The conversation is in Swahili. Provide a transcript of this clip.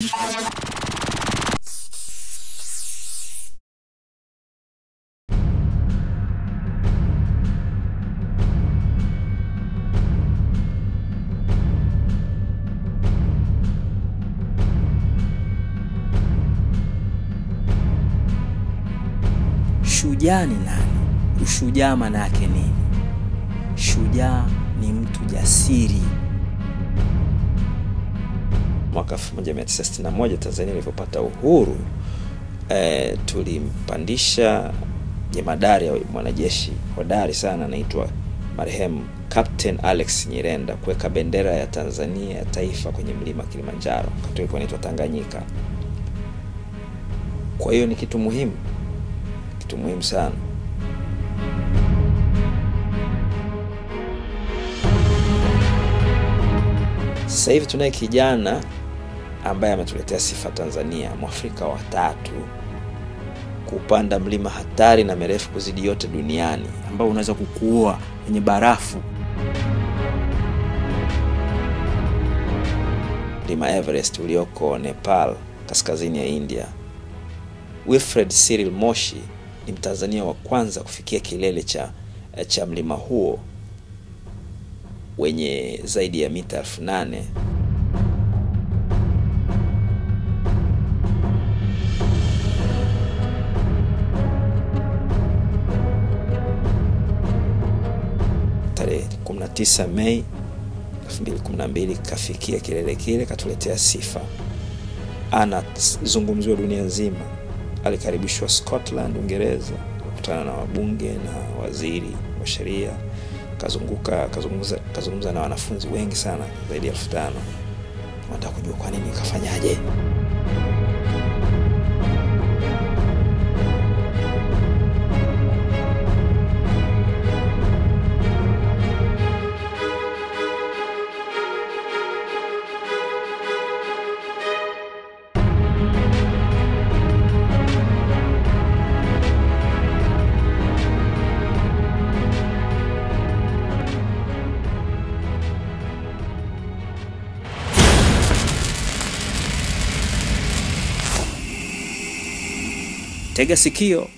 Shujaa ni nani? Ushujaa maana yake nini? Shujaa ni mtu jasiri mwaka 1961 Tanzania ilipopata uhuru e, tulimpandisha jemadari ya mwanajeshi hodari sana anaitwa marehemu Captain Alex Nyirenda kuweka bendera ya Tanzania ya taifa kwenye mlima Kilimanjaro, wakati ulikuwa inaitwa Tanganyika. Kwa hiyo ni kitu muhimu, kitu muhimu sana. Sasa hivi tunaye kijana ambaye ametuletea sifa Tanzania, mwafrika wa tatu kupanda mlima hatari na mirefu kuzidi yote duniani, ambao unaweza kukuua kwenye barafu, mlima Everest ulioko Nepal, kaskazini ya India. Wilfred Cyril Moshi ni Mtanzania wa kwanza kufikia kilele cha, cha mlima huo wenye zaidi ya mita elfu nane. 19 Mei 2012 kafikia kilele kile, katuletea sifa. Anazungumziwa dunia nzima. Alikaribishwa Scotland, Uingereza, kukutana na wabunge na waziri wa sheria, kazunguka kazungumza, kazungumza na wanafunzi wengi sana zaidi ya elfu tano wanataka kujua kwa nini kafanyaje. Tega sikio.